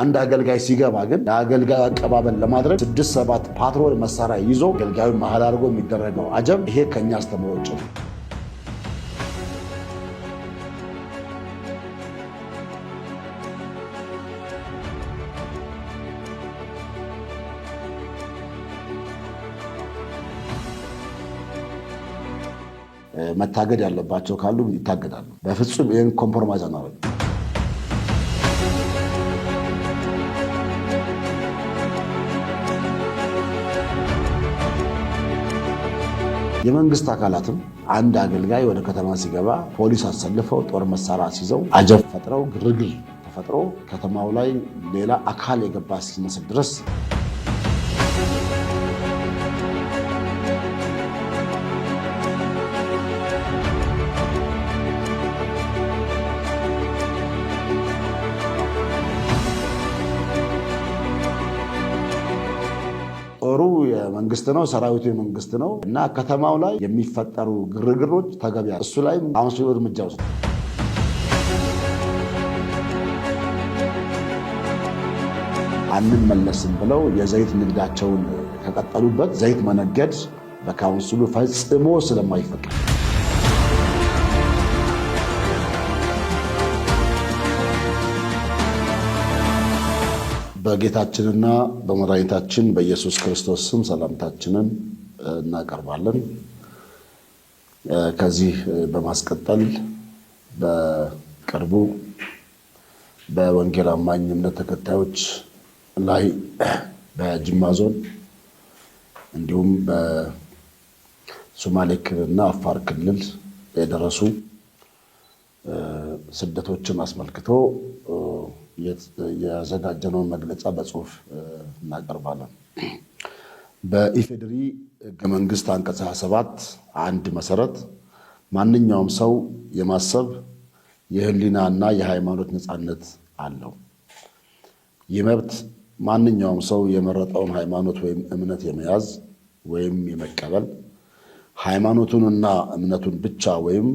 አንድ አገልጋይ ሲገባ ግን የአገልጋይ አቀባበል ለማድረግ ስድስት ሰባት ፓትሮል መሳሪያ ይዞ አገልጋዩ መሀል አድርጎ የሚደረገው አጀብ ይሄ ከኛ አስተምሮ ውጭ ነው። መታገድ ያለባቸው ካሉ ይታገዳሉ። በፍጹም ይህን ኮምፕሮማይዝ አናደርግም። የመንግስት አካላትም አንድ አገልጋይ ወደ ከተማ ሲገባ ፖሊስ አሰልፈው ጦር መሳሪያ ሲይዘው አጀብ ፈጥረው ግርግር ተፈጥሮ ከተማው ላይ ሌላ አካል የገባ እስኪመስል ድረስ መንግስት ነው፣ ሰራዊቱ የመንግስት ነው እና ከተማው ላይ የሚፈጠሩ ግርግሮች ተገቢያ እሱ ላይ ካውንስሉ እርምጃ ውስጥ አንመለስም ብለው የዘይት ንግዳቸውን ከቀጠሉበት ዘይት መነገድ በካውንስሉ ፈጽሞ ስለማይፈቀድ በጌታችንና በመድኃኒታችን በኢየሱስ ክርስቶስ ስም ሰላምታችንን እናቀርባለን። ከዚህ በማስቀጠል በቅርቡ በወንጌል አማኝ እምነት ተከታዮች ላይ በጅማ ዞን እንዲሁም በሶማሌ ክልልና አፋር ክልል የደረሱ ስደቶችን አስመልክቶ የዘጋጀነውን መግለጫ በጽሁፍ እናቀርባለን። በኢፌዴሪ ህገ መንግስት አንቀጽ 27 አንድ መሰረት ማንኛውም ሰው የማሰብ የህሊና እና የሃይማኖት ነፃነት አለው። ይህ መብት ማንኛውም ሰው የመረጠውን ሃይማኖት ወይም እምነት የመያዝ ወይም የመቀበል ሃይማኖቱንና እምነቱን ብቻ ወይም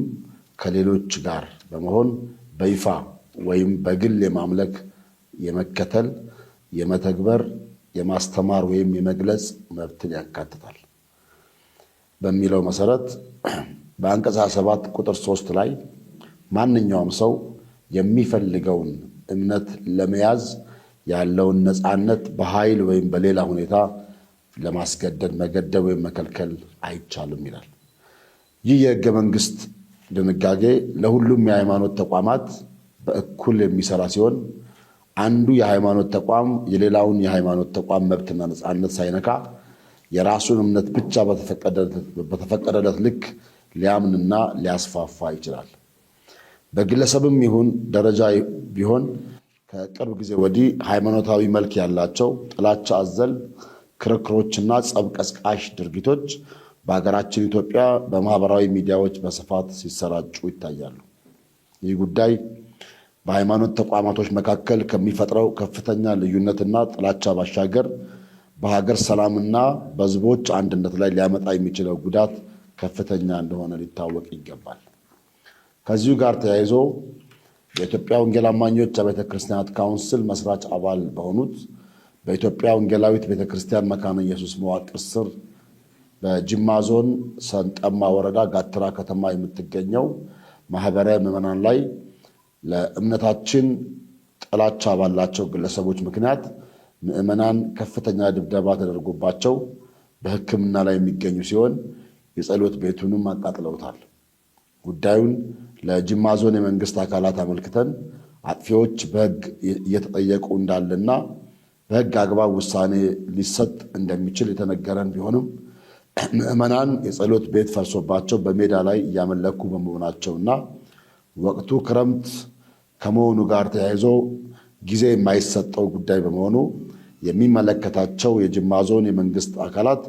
ከሌሎች ጋር በመሆን በይፋ ወይም በግል የማምለክ የመከተል የመተግበር የማስተማር ወይም የመግለጽ መብትን ያካትታል በሚለው መሰረት በአንቀጽ 27 ቁጥር 3 ላይ ማንኛውም ሰው የሚፈልገውን እምነት ለመያዝ ያለውን ነፃነት በኃይል ወይም በሌላ ሁኔታ ለማስገደድ መገደብ ወይም መከልከል አይቻልም ይላል። ይህ የህገ መንግስት ድንጋጌ ለሁሉም የሃይማኖት ተቋማት በእኩል የሚሰራ ሲሆን አንዱ የሃይማኖት ተቋም የሌላውን የሃይማኖት ተቋም መብትና ነፃነት ሳይነካ የራሱን እምነት ብቻ በተፈቀደለት ልክ ሊያምንና ሊያስፋፋ ይችላል። በግለሰብም ይሁን ደረጃ ቢሆን ከቅርብ ጊዜ ወዲህ ሃይማኖታዊ መልክ ያላቸው ጥላቻ አዘል ክርክሮችና ጸብ ቀስቃሽ ድርጊቶች በሀገራችን ኢትዮጵያ በማህበራዊ ሚዲያዎች በስፋት ሲሰራጩ ይታያሉ። ይህ ጉዳይ በሃይማኖት ተቋማቶች መካከል ከሚፈጥረው ከፍተኛ ልዩነትና ጥላቻ ባሻገር በሀገር ሰላምና በሕዝቦች አንድነት ላይ ሊያመጣ የሚችለው ጉዳት ከፍተኛ እንደሆነ ሊታወቅ ይገባል። ከዚሁ ጋር ተያይዞ የኢትዮጵያ ወንጌል አማኞች አብያተ ክርስቲያናት ካውንስል መስራች አባል በሆኑት በኢትዮጵያ ወንጌላዊት ቤተ ክርስቲያን መካነ ኢየሱስ መዋቅር ስር በጅማ ዞን ሰንጠማ ወረዳ ጋትራ ከተማ የምትገኘው ማህበራዊ ምዕመናን ላይ ለእምነታችን ጥላቻ ባላቸው ግለሰቦች ምክንያት ምዕመናን ከፍተኛ ድብደባ ተደርጎባቸው በሕክምና ላይ የሚገኙ ሲሆን የጸሎት ቤቱንም አቃጥለውታል። ጉዳዩን ለጅማ ዞን የመንግስት አካላት አመልክተን አጥፊዎች በሕግ እየተጠየቁ እንዳለና በሕግ አግባብ ውሳኔ ሊሰጥ እንደሚችል የተነገረን ቢሆንም ምዕመናን የጸሎት ቤት ፈርሶባቸው በሜዳ ላይ እያመለኩ በመሆናቸውና ወቅቱ ክረምት ከመሆኑ ጋር ተያይዞ ጊዜ የማይሰጠው ጉዳይ በመሆኑ የሚመለከታቸው የጅማ ዞን የመንግስት አካላት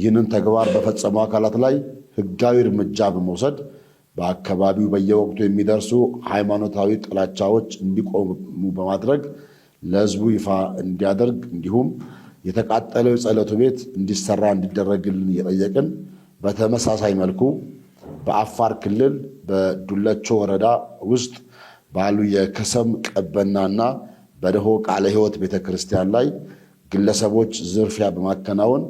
ይህንን ተግባር በፈጸሙ አካላት ላይ ህጋዊ እርምጃ በመውሰድ በአካባቢው በየወቅቱ የሚደርሱ ሃይማኖታዊ ጥላቻዎች እንዲቆሙ በማድረግ ለህዝቡ ይፋ እንዲያደርግ እንዲሁም የተቃጠለው የጸሎቱ ቤት እንዲሰራ እንዲደረግልን እየጠየቅን በተመሳሳይ መልኩ በአፋር ክልል በዱለቾ ወረዳ ውስጥ ባሉ የከሰም ቀበናና በደሆ ቃለ ሕይወት ቤተ ክርስቲያን ላይ ግለሰቦች ዝርፊያ በማከናወን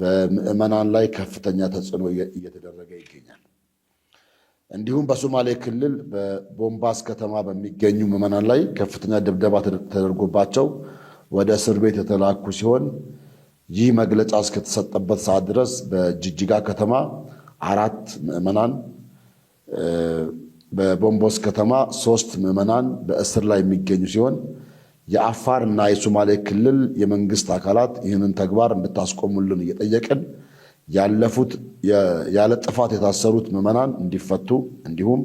በምዕመናን ላይ ከፍተኛ ተጽዕኖ እየተደረገ ይገኛል። እንዲሁም በሶማሌ ክልል በቦምባስ ከተማ በሚገኙ ምዕመናን ላይ ከፍተኛ ድብደባ ተደርጎባቸው ወደ እስር ቤት የተላኩ ሲሆን ይህ መግለጫ እስከተሰጠበት ሰዓት ድረስ በጅጅጋ ከተማ አራት ምዕመናን በቦምቦስ ከተማ ሶስት ምዕመናን በእስር ላይ የሚገኙ ሲሆን የአፋር እና የሶማሌ ክልል የመንግስት አካላት ይህንን ተግባር እንድታስቆሙልን እየጠየቅን ያለፉት ያለ ጥፋት የታሰሩት ምዕመናን እንዲፈቱ እንዲሁም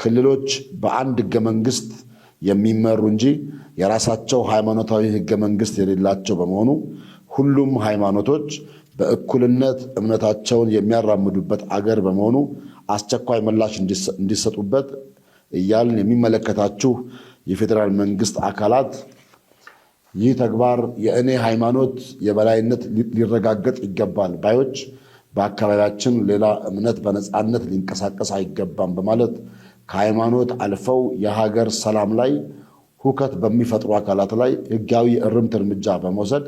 ክልሎች በአንድ ህገ መንግስት የሚመሩ እንጂ የራሳቸው ሃይማኖታዊ ህገ መንግስት የሌላቸው በመሆኑ ሁሉም ሃይማኖቶች በእኩልነት እምነታቸውን የሚያራምዱበት አገር በመሆኑ አስቸኳይ ምላሽ እንዲሰጡበት እያልን የሚመለከታችሁ የፌዴራል መንግስት አካላት ይህ ተግባር የእኔ ሃይማኖት የበላይነት ሊረጋገጥ ይገባል ባዮች በአካባቢያችን ሌላ እምነት በነፃነት ሊንቀሳቀስ አይገባም በማለት ከሃይማኖት አልፈው የሀገር ሰላም ላይ ሁከት በሚፈጥሩ አካላት ላይ ህጋዊ እርምት እርምጃ በመውሰድ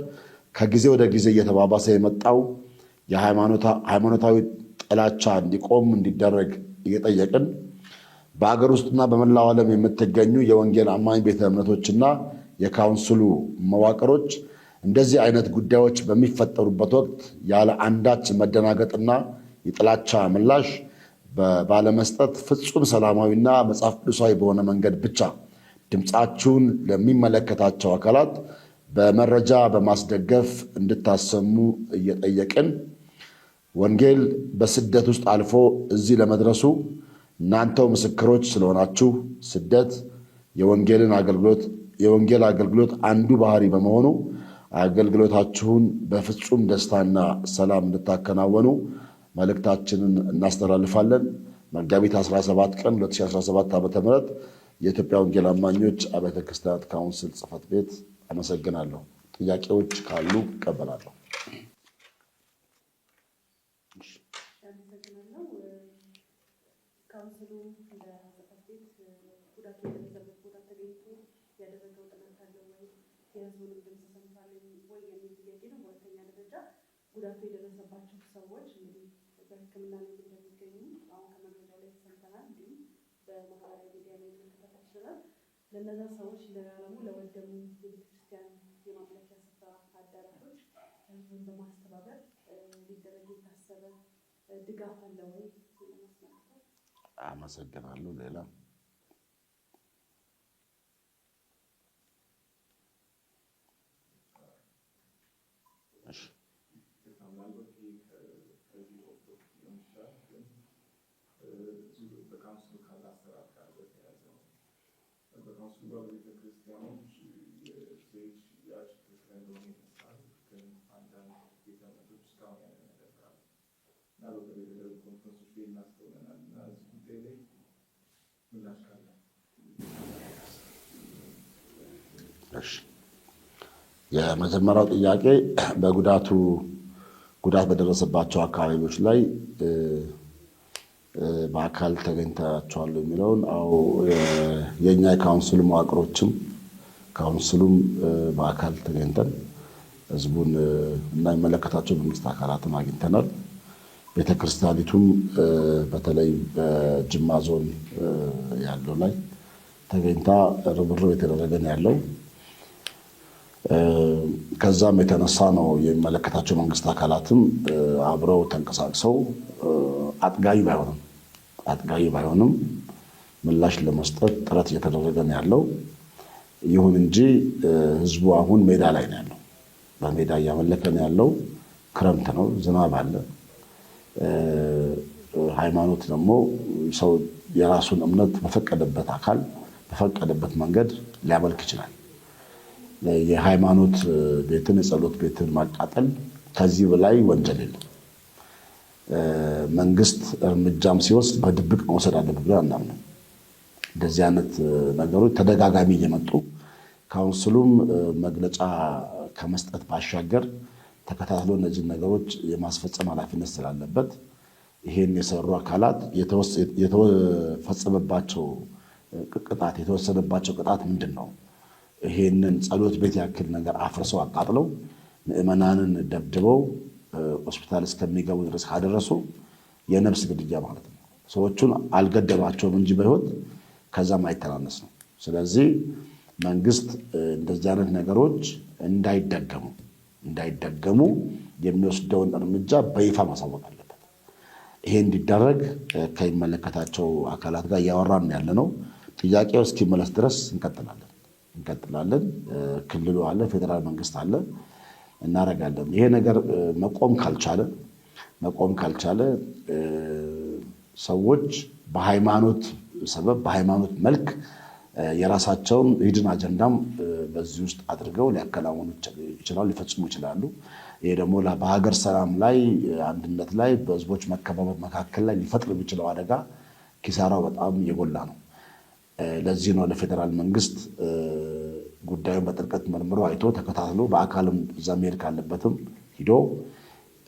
ከጊዜ ወደ ጊዜ እየተባባሰ የመጣው የሃይማኖታዊ ጥላቻ እንዲቆም እንዲደረግ እየጠየቅን በአገር ውስጥና በመላው ዓለም የምትገኙ የወንጌል አማኝ ቤተ እምነቶችና የካውንስሉ መዋቅሮች እንደዚህ አይነት ጉዳዮች በሚፈጠሩበት ወቅት ያለ አንዳች መደናገጥና የጥላቻ ምላሽ ባለመስጠት ፍጹም ሰላማዊና መጽሐፍ ቅዱሳዊ በሆነ መንገድ ብቻ ድምፃችሁን ለሚመለከታቸው አካላት በመረጃ በማስደገፍ እንድታሰሙ እየጠየቅን ወንጌል በስደት ውስጥ አልፎ እዚህ ለመድረሱ እናንተው ምስክሮች ስለሆናችሁ ስደት የወንጌልን አገልግሎት የወንጌል አገልግሎት አንዱ ባህሪ በመሆኑ አገልግሎታችሁን በፍጹም ደስታና ሰላም እንድታከናወኑ መልእክታችንን እናስተላልፋለን። መጋቢት 17 ቀን 2017 ም የኢትዮጵያ ወንጌል አማኞች አብያተ ክርስቲያናት ካውንስል ጽሕፈት ቤት አመሰግናለሁ። ጥያቄዎች ካሉ ይቀበላለሁ። ጉዳቱ የደረሰባቸው ሰዎች እንግዲህ በሕክምና ላይ እንደሚገኙ አሁን ከመረጃው ላይ ተሰምተናል። እንዲሁም በማህበራዊ ሚዲያ ላይ ችለናል። ለእነዛ ሰዎች ለረሙ ለወደሙ የቤተክርስቲያን የማምለኪያ ስፍራ አዳራሾች ህዝቡን በማስተባበር ሊደረግ የታሰበ ድጋፍ አለ ወይ? አመሰግናለሁ። ሌላ gegenüber den Christianen steht ja das Phänomen können anderen Gesamtwirtschaft erfahren. Nalo prevede un confronto in nascondere nella tutele nella የመጀመሪያው ጥያቄ በጉዳቱ ጉዳት በደረሰባቸው አካባቢዎች ላይ በአካል ተገኝታቸዋሉ የሚለውን አዎ፣ የእኛ የካውንስሉ መዋቅሮችም ካውንስሉም በአካል ተገኝተን ህዝቡን እና የሚመለከታቸው መንግስት አካላትም አግኝተናል። ቤተክርስቲያኒቱም በተለይ በጅማ ዞን ያለው ላይ ተገኝታ ርብርብ የተደረገ ነው ያለው። ከዛም የተነሳ ነው የሚመለከታቸው መንግስት አካላትም አብረው ተንቀሳቅሰው አጥጋይ ባይሆንም አጥጋቢ ባይሆንም ምላሽ ለመስጠት ጥረት እየተደረገ ነው ያለው። ይሁን እንጂ ህዝቡ አሁን ሜዳ ላይ ነው ያለው። በሜዳ እያመለከ ነው ያለው። ክረምት ነው፣ ዝናብ አለ። ሃይማኖት ደግሞ ሰው የራሱን እምነት በፈቀደበት አካል በፈቀደበት መንገድ ሊያመልክ ይችላል። የሃይማኖት ቤትን የጸሎት ቤትን ማቃጠል ከዚህ በላይ ወንጀል የለም። መንግስት እርምጃም ሲወስድ በድብቅ መውሰድ አለበት ብለን አናምንም። እንደዚህ አይነት ነገሮች ተደጋጋሚ እየመጡ ካውንስሉም መግለጫ ከመስጠት ባሻገር ተከታትሎ እነዚህን ነገሮች የማስፈጸም ኃላፊነት ስላለበት ይሄን የሰሩ አካላት የተፈጸመባቸው ቅጣት የተወሰነባቸው ቅጣት ምንድን ነው? ይሄንን ጸሎት ቤት ያክል ነገር አፍርሰው አቃጥለው ምዕመናንን ደብድበው ሆስፒታል እስከሚገቡ ድረስ ካደረሱ የነፍስ ግድያ ማለት ነው። ሰዎቹን አልገደባቸውም እንጂ በህይወት ከዛም አይተናነስ ነው። ስለዚህ መንግስት እንደዚህ አይነት ነገሮች እንዳይደገሙ እንዳይደገሙ የሚወስደውን እርምጃ በይፋ ማሳወቅ አለበት። ይሄ እንዲደረግ ከሚመለከታቸው አካላት ጋር እያወራን ያለ ነው። ጥያቄው እስኪመለስ ድረስ እንቀጥላለን እንቀጥላለን። ክልሉ አለ፣ ፌዴራል መንግስት አለ። እናደርጋለን። ይሄ ነገር መቆም ካልቻለ መቆም ካልቻለ ሰዎች በሃይማኖት ሰበብ በሃይማኖት መልክ የራሳቸውን ሂድን አጀንዳም በዚህ ውስጥ አድርገው ሊያከናውኑ ይችላሉ፣ ሊፈጽሙ ይችላሉ። ይሄ ደግሞ በሀገር ሰላም ላይ፣ አንድነት ላይ፣ በህዝቦች መከባበር መካከል ላይ ሊፈጥር የሚችለው አደጋ ኪሳራው በጣም የጎላ ነው። ለዚህ ነው ለፌዴራል መንግስት ጉዳዩን በጥልቀት መርምሮ አይቶ ተከታትሎ በአካልም እዛ መሄድ ካለበትም ሂዶ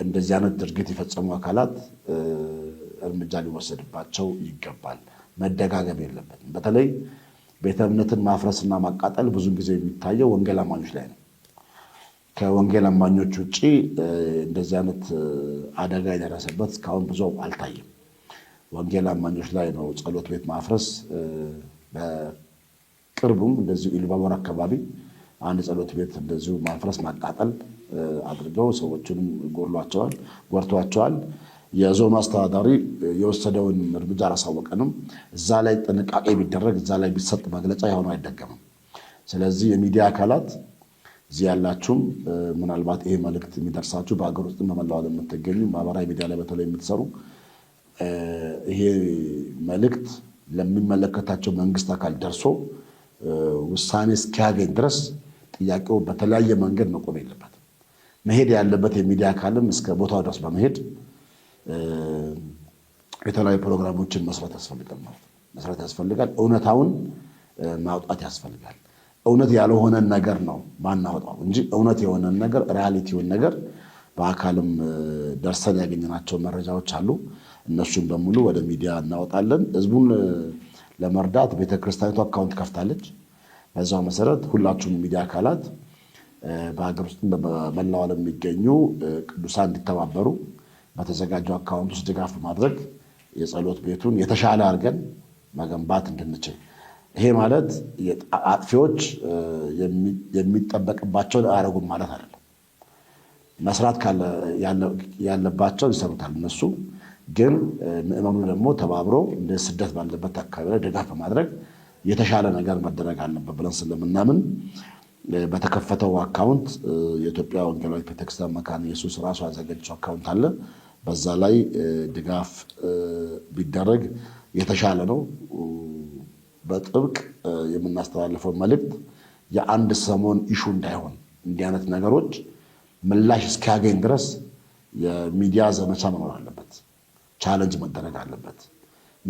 እንደዚህ አይነት ድርጊት የፈጸሙ አካላት እርምጃ ሊወሰድባቸው ይገባል። መደጋገም የለበትም። በተለይ ቤተ እምነትን ማፍረስና ማቃጠል ብዙ ጊዜ የሚታየው ወንጌል አማኞች ላይ ነው። ከወንጌል አማኞች ውጭ እንደዚህ አይነት አደጋ የደረሰበት እስካሁን ብዙ አልታየም። ወንጌል አማኞች ላይ ነው ጸሎት ቤት ማፍረስ ቅርቡም እንደዚሁ ኢሉባቦር አካባቢ አንድ ጸሎት ቤት እንደዚሁ ማፍረስ ማቃጠል አድርገው ሰዎችንም ጎድሏቸዋል፣ ጎድቷቸዋል። የዞኑ አስተዳዳሪ የወሰደውን እርምጃ አላሳወቀንም። እዛ ላይ ጥንቃቄ ቢደረግ እዛ ላይ ቢሰጥ መግለጫ የሆነ አይደገምም። ስለዚህ የሚዲያ አካላት እዚህ ያላችሁም ምናልባት ይሄ መልእክት የሚደርሳችሁ በሀገር ውስጥ በመላው ዓለም የምትገኙ ማህበራዊ ሚዲያ ላይ በተለይ የምትሰሩ ይሄ መልእክት ለሚመለከታቸው መንግስት አካል ደርሶ ውሳኔ እስኪያገኝ ድረስ ጥያቄው በተለያየ መንገድ መቆም የለበት መሄድ ያለበት የሚዲያ አካልም እስከ ቦታው ድረስ በመሄድ የተለያዩ ፕሮግራሞችን መስራት ያስፈልጋል ማለት ነው። መስራት ያስፈልጋል። እውነታውን ማውጣት ያስፈልጋል። እውነት ያልሆነን ነገር ነው ማናወጣው እንጂ እውነት የሆነን ነገር ሪያሊቲውን ነገር በአካልም ደርሰን ያገኘናቸው መረጃዎች አሉ። እነሱን በሙሉ ወደ ሚዲያ እናወጣለን ህዝቡን ለመርዳት ቤተክርስቲያኒቱ አካውንት ከፍታለች። በዛ መሰረት ሁላችሁም ሚዲያ አካላት በሀገር ውስጥ በመላው ዓለም የሚገኙ ቅዱሳን እንዲተባበሩ በተዘጋጀው አካውንት ውስጥ ድጋፍ በማድረግ የጸሎት ቤቱን የተሻለ አድርገን መገንባት እንድንችል ይሄ ማለት አጥፊዎች የሚጠበቅባቸውን አያደርጉም ማለት አይደለም። መስራት ያለባቸውን ይሰሩታል እነሱ ግን ምዕመኑ ደግሞ ተባብሮ እንደ ስደት ባለበት አካባቢ ላይ ድጋፍ በማድረግ የተሻለ ነገር መደረግ አለበት ብለን ስለምናምን በተከፈተው አካውንት የኢትዮጵያ ወንጌላዊ ቤተክርስቲያን መካነ ኢየሱስ ራሱ ያዘጋጀው አካውንት አለ። በዛ ላይ ድጋፍ ቢደረግ የተሻለ ነው። በጥብቅ የምናስተላልፈው መልእክት የአንድ ሰሞን ኢሹ እንዳይሆን እንዲህ አይነት ነገሮች ምላሽ እስኪያገኝ ድረስ የሚዲያ ዘመቻ መኖር አለበት። ቻለንጅ መደረግ አለበት።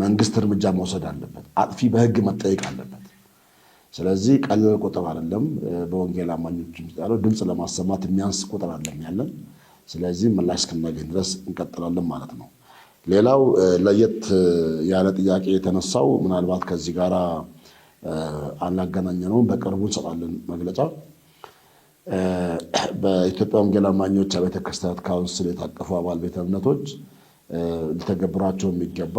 መንግስት እርምጃ መውሰድ አለበት። አጥፊ በህግ መጠየቅ አለበት። ስለዚህ ቀልል ቁጥር አይደለም። በወንጌል አማኞች ያለው ድምፅ ለማሰማት የሚያንስ ቁጥር አለም ያለን። ስለዚህ ምላሽ እስክናገኝ ድረስ እንቀጥላለን ማለት ነው። ሌላው ለየት ያለ ጥያቄ የተነሳው ምናልባት ከዚህ ጋር አናገናኘ ነውም፣ በቅርቡ እንሰጣለን መግለጫ። በኢትዮጵያ ወንጌል አማኞች ቤተክርስቲያናት ካውንስል የታቀፉ አባል ቤተ እምነቶች ሊተገብሯቸው የሚገባ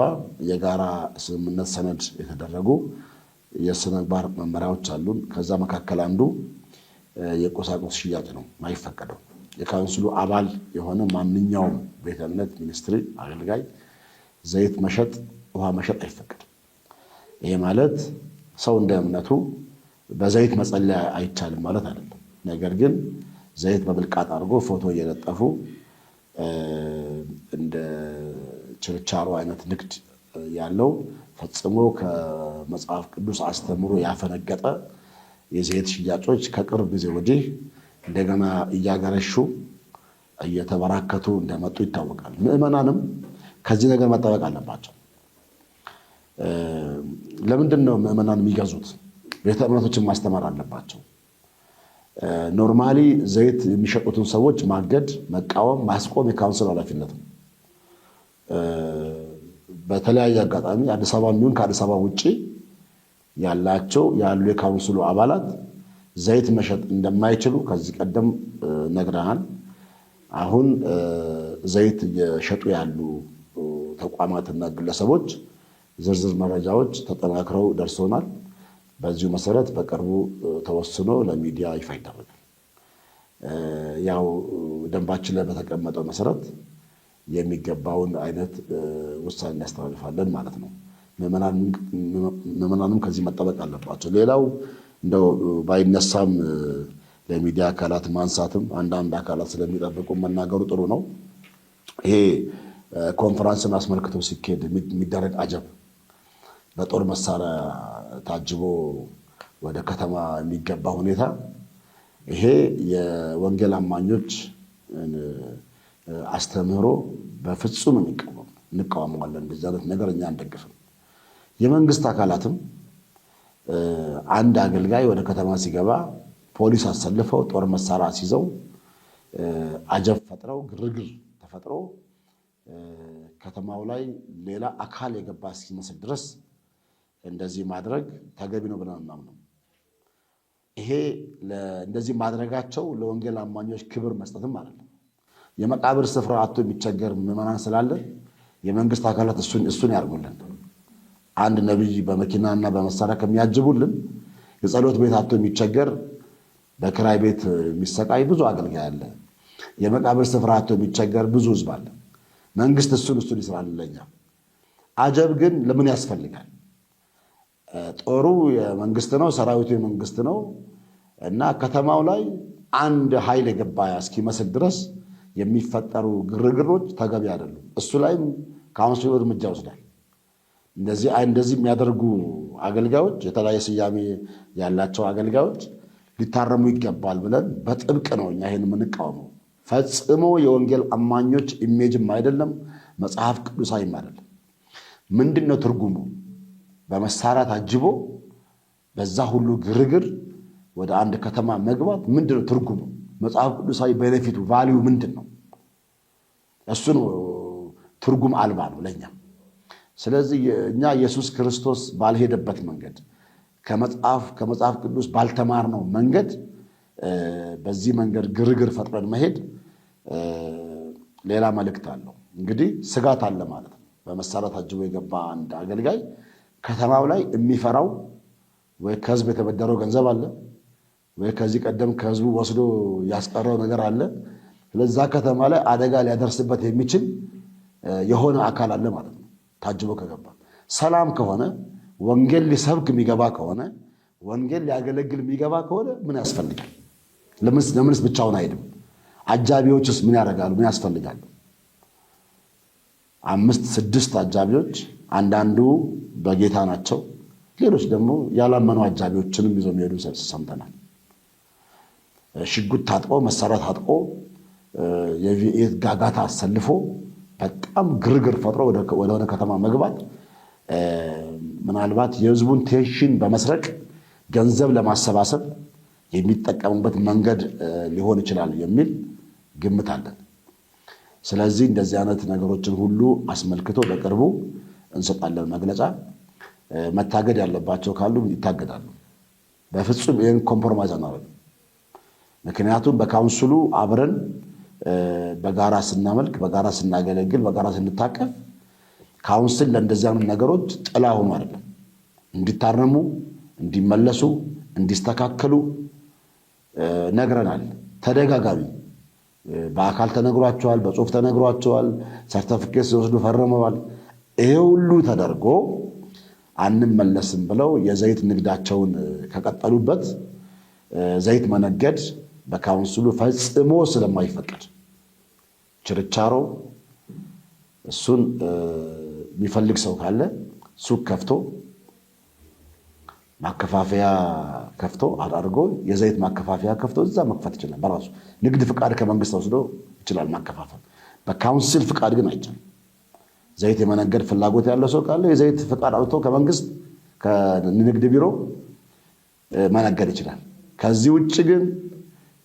የጋራ ስምምነት ሰነድ የተደረጉ የስነ ምግባር መመሪያዎች አሉን። ከዛ መካከል አንዱ የቁሳቁስ ሽያጭ ነው ማይፈቀደው። የካውንስሉ አባል የሆነ ማንኛውም ቤተ እምነት፣ ሚኒስትሪ፣ አገልጋይ ዘይት መሸጥ፣ ውሃ መሸጥ አይፈቀድም። ይሄ ማለት ሰው እንደ እምነቱ በዘይት መጸለያ አይቻልም ማለት አይደለም። ነገር ግን ዘይት በብልቃጥ አድርጎ ፎቶ እየለጠፉ እንደ ችርቻሮ አይነት ንግድ ያለው ፈጽሞ ከመጽሐፍ ቅዱስ አስተምሮ ያፈነገጠ የዘይት ሽያጮች ከቅርብ ጊዜ ወዲህ እንደገና እያገረሹ እየተበራከቱ እንደመጡ ይታወቃል። ምዕመናንም ከዚህ ነገር መጠበቅ አለባቸው። ለምንድን ነው ምዕመናን የሚገዙት? ቤተ እምነቶችን ማስተማር አለባቸው። ኖርማሊ ዘይት የሚሸጡትን ሰዎች ማገድ፣ መቃወም፣ ማስቆም የካውንስል ኃላፊነት ነው። በተለያየ አጋጣሚ አዲስ አበባ የሚሆን ከአዲስ አበባ ውጭ ያላቸው ያሉ የካውንስሉ አባላት ዘይት መሸጥ እንደማይችሉ ከዚህ ቀደም ነግረሃል። አሁን ዘይት እየሸጡ ያሉ ተቋማትና ግለሰቦች ዝርዝር መረጃዎች ተጠናክረው ደርሶናል። በዚሁ መሰረት በቅርቡ ተወስኖ ለሚዲያ ይፋ ይደረጋል። ያው ደንባችን ላይ በተቀመጠው መሰረት የሚገባውን አይነት ውሳኔ እናስተላልፋለን ማለት ነው። ምዕመናንም ከዚህ መጠበቅ አለባቸው። ሌላው እንደው ባይነሳም ለሚዲያ አካላት ማንሳትም አንዳንድ አካላት ስለሚጠብቁ መናገሩ ጥሩ ነው። ይሄ ኮንፈረንስን አስመልክቶ ሲካሄድ የሚደረግ አጀብ በጦር መሳሪያ ታጅቦ ወደ ከተማ የሚገባ ሁኔታ ይሄ የወንጌል አማኞች አስተምህሮ በፍጹም እንቃወመዋለን። እንደዚህ አይነት ነገር እኛ አንደግፍም። የመንግስት አካላትም አንድ አገልጋይ ወደ ከተማ ሲገባ ፖሊስ አሰልፈው ጦር መሳሪያ ሲይዘው አጀብ ፈጥረው ግርግር ተፈጥሮ ከተማው ላይ ሌላ አካል የገባ እስኪመስል ድረስ እንደዚህ ማድረግ ተገቢ ነው ብለን አናምነው። ይሄ እንደዚህ ማድረጋቸው ለወንጌል አማኞች ክብር መስጠትም ማለት ነው። የመቃብር ስፍራ አቶ የሚቸገር ምዕመናን ስላለ የመንግስት አካላት እሱን ያርጉልን። አንድ ነቢይ በመኪናና በመሳሪያ ከሚያጅቡልን የጸሎት ቤት አቶ የሚቸገር በክራይ ቤት የሚሰቃይ ብዙ አገልጋይ አለ። የመቃብር ስፍራ አቶ የሚቸገር ብዙ ህዝብ አለ። መንግስት እሱን እሱን ይስራልለኛ። አጀብ ግን ለምን ያስፈልጋል? ጦሩ የመንግስት ነው፣ ሰራዊቱ የመንግስት ነው እና ከተማው ላይ አንድ ኃይል የገባ እስኪመስል ድረስ የሚፈጠሩ ግርግሮች ተገቢ አይደሉም። እሱ ላይም ካውንስሉ እርምጃ ወስዳል። እንደዚህ እንደዚህ የሚያደርጉ አገልጋዮች፣ የተለያየ ስያሜ ያላቸው አገልጋዮች ሊታረሙ ይገባል ብለን በጥብቅ ነው እኛ ይህን የምንቃወመው። ፈጽሞ የወንጌል አማኞች ኢሜጅም አይደለም፣ መጽሐፍ ቅዱሳዊም አይደለም። ምንድን ነው ትርጉሙ? በመሳሪያ ታጅቦ በዛ ሁሉ ግርግር ወደ አንድ ከተማ መግባት ምንድን ነው ትርጉሙ? መጽሐፍ ቅዱሳዊ ቤኔፊቱ ቫሊዩ ምንድን ነው? እሱን ትርጉም አልባ ነው ለእኛ። ስለዚህ እኛ ኢየሱስ ክርስቶስ ባልሄደበት መንገድ ከመጽሐፍ ከመጽሐፍ ቅዱስ ባልተማርነው መንገድ በዚህ መንገድ ግርግር ፈጥረን መሄድ ሌላ መልእክት አለው። እንግዲህ ስጋት አለ ማለት ነው። በመሳሪያ ታጅቦ የገባ አንድ አገልጋይ ከተማው ላይ የሚፈራው ወይ ከህዝብ የተበደረው ገንዘብ አለ ወይ ከዚህ ቀደም ከህዝቡ ወስዶ ያስቀረው ነገር አለ። ስለዛ ከተማ ላይ አደጋ ሊያደርስበት የሚችል የሆነ አካል አለ ማለት ነው። ታጅቦ ከገባ ሰላም ከሆነ ወንጌል ሊሰብክ የሚገባ ከሆነ ወንጌል ሊያገለግል የሚገባ ከሆነ ምን ያስፈልጋል? ለምንስ ብቻውን አይሄድም? አጃቢዎችስ ምን ያደርጋሉ? ምን ያስፈልጋሉ? አምስት ስድስት አጃቢዎች አንዳንዱ በጌታ ናቸው፣ ሌሎች ደግሞ ያላመኑ አጃቢዎችንም ይዞ የሚሄዱ ሰምተናል። ሽጉጥ ታጥቆ መሳሪያ ታጥቆ የቪኤት ጋጋታ አሰልፎ በጣም ግርግር ፈጥሮ ወደሆነ ከተማ መግባት ምናልባት የህዝቡን ቴንሽን በመስረቅ ገንዘብ ለማሰባሰብ የሚጠቀሙበት መንገድ ሊሆን ይችላል የሚል ግምት አለን። ስለዚህ እንደዚህ አይነት ነገሮችን ሁሉ አስመልክቶ በቅርቡ እንሰጣለን መግለጫ። መታገድ ያለባቸው ካሉ ይታገዳሉ። በፍጹም ይህን ኮምፕሮማይዝ አናረግ። ምክንያቱም በካውንስሉ አብረን በጋራ ስናመልክ፣ በጋራ ስናገለግል፣ በጋራ ስንታቀፍ ካውንስል ለእንደዚህ አይነት ነገሮች ጥላ ሆኖ አይደለም። እንዲታረሙ፣ እንዲመለሱ፣ እንዲስተካከሉ ነግረናል። ተደጋጋሚ በአካል ተነግሯቸዋል፣ በጽሁፍ ተነግሯቸዋል፣ ሰርተፍኬት ሲወስዱ ፈርመዋል። ይሄ ሁሉ ተደርጎ አንመለስም ብለው የዘይት ንግዳቸውን ከቀጠሉበት ዘይት መነገድ በካውንስሉ ፈጽሞ ስለማይፈቀድ ችርቻሮ እሱን የሚፈልግ ሰው ካለ ሱቅ ከፍቶ ማከፋፈያ ከፍቶ አድርጎ የዘይት ማከፋፈያ ከፍቶ እዛ መክፈት ይችላል። በራሱ ንግድ ፍቃድ ከመንግስት ወስዶ ይችላል ማከፋፈል። በካውንስል ፍቃድ ግን አይቻልም። ዘይት የመነገድ ፍላጎት ያለው ሰው ካለ የዘይት ፍቃድ አውጥቶ ከመንግስት ከንግድ ቢሮ መነገድ ይችላል። ከዚህ ውጭ ግን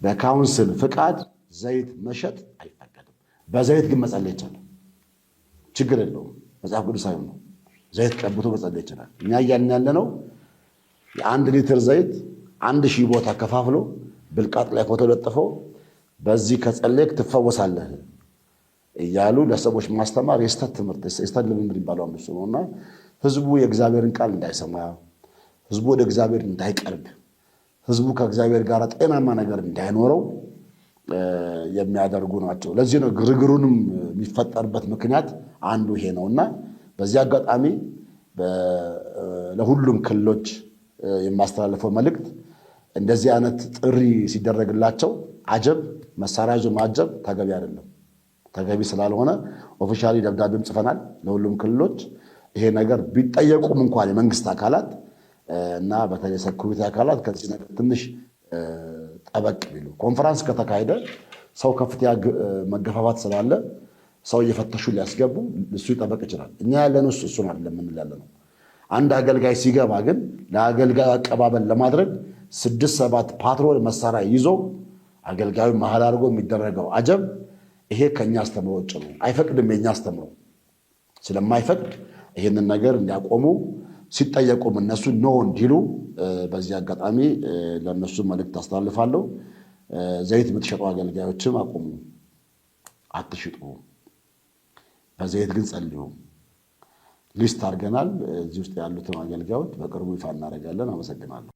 በካውንስል ፍቃድ ዘይት መሸጥ አይፈቀድም። በዘይት ግን መጸለይ ይቻላል። ችግር የለውም። መጽሐፍ ቅዱሳዊ ነው። ዘይት ቀብቶ መጸለይ ይችላል። እኛ እያልን ያለ ነው የአንድ ሊትር ዘይት አንድ ሺህ ቦታ ከፋፍሎ ብልቃጥ ላይ ፎቶ ለጥፈው በዚህ ከጸለይክ ትፈወሳለህ እያሉ ለሰዎች ማስተማር የስተት ትምህርት የስተት ልምምድ የሚባለው አንዱ ነው እና ህዝቡ የእግዚአብሔርን ቃል እንዳይሰማ፣ ህዝቡ ወደ እግዚአብሔር እንዳይቀርብ፣ ህዝቡ ከእግዚአብሔር ጋር ጤናማ ነገር እንዳይኖረው የሚያደርጉ ናቸው። ለዚህ ነው ግርግሩንም የሚፈጠርበት ምክንያት አንዱ ይሄ ነው እና በዚህ አጋጣሚ ለሁሉም ክልሎች የማስተላለፈው መልእክት እንደዚህ አይነት ጥሪ ሲደረግላቸው አጀብ መሳሪያ ይዞ ማጀብ ተገቢ አይደለም። ተገቢ ስላልሆነ ኦፊሻሊ ደብዳቤም ጽፈናል ለሁሉም ክልሎች። ይሄ ነገር ቢጠየቁም እንኳን የመንግስት አካላት እና በተለይ ሰኩሪቲ አካላት ከዚህ ነገር ትንሽ ጠበቅ ቢሉ፣ ኮንፈረንስ ከተካሄደ ሰው ከፍተኛ መገፋፋት ስላለ ሰው እየፈተሹ ሊያስገቡ እሱ ይጠበቅ ይችላል። እኛ ያለን ውስጥ እሱን አይደለም የምንል ያለ ነው። አንድ አገልጋይ ሲገባ ግን ለአገልጋይ አቀባበል ለማድረግ ስድስት ሰባት ፓትሮል መሳሪያ ይዞ አገልጋዩ መሀል አድርጎ የሚደረገው አጀብ ይሄ ከእኛ አስተምሮ ውጭ ነው። አይፈቅድም። የኛ አስተምሮ ስለማይፈቅድ ይህንን ነገር እንዲያቆሙ ሲጠየቁም እነሱ ኖ እንዲሉ በዚህ አጋጣሚ ለእነሱ መልእክት አስተላልፋለሁ። ዘይት የምትሸጡ አገልጋዮችም አቁሙ፣ አትሽጡ። በዘይት ግን ጸልዩ። ሊስት አድርገናል። እዚህ ውስጥ ያሉትን አገልጋዮች በቅርቡ ይፋ እናደርጋለን። አመሰግናለሁ።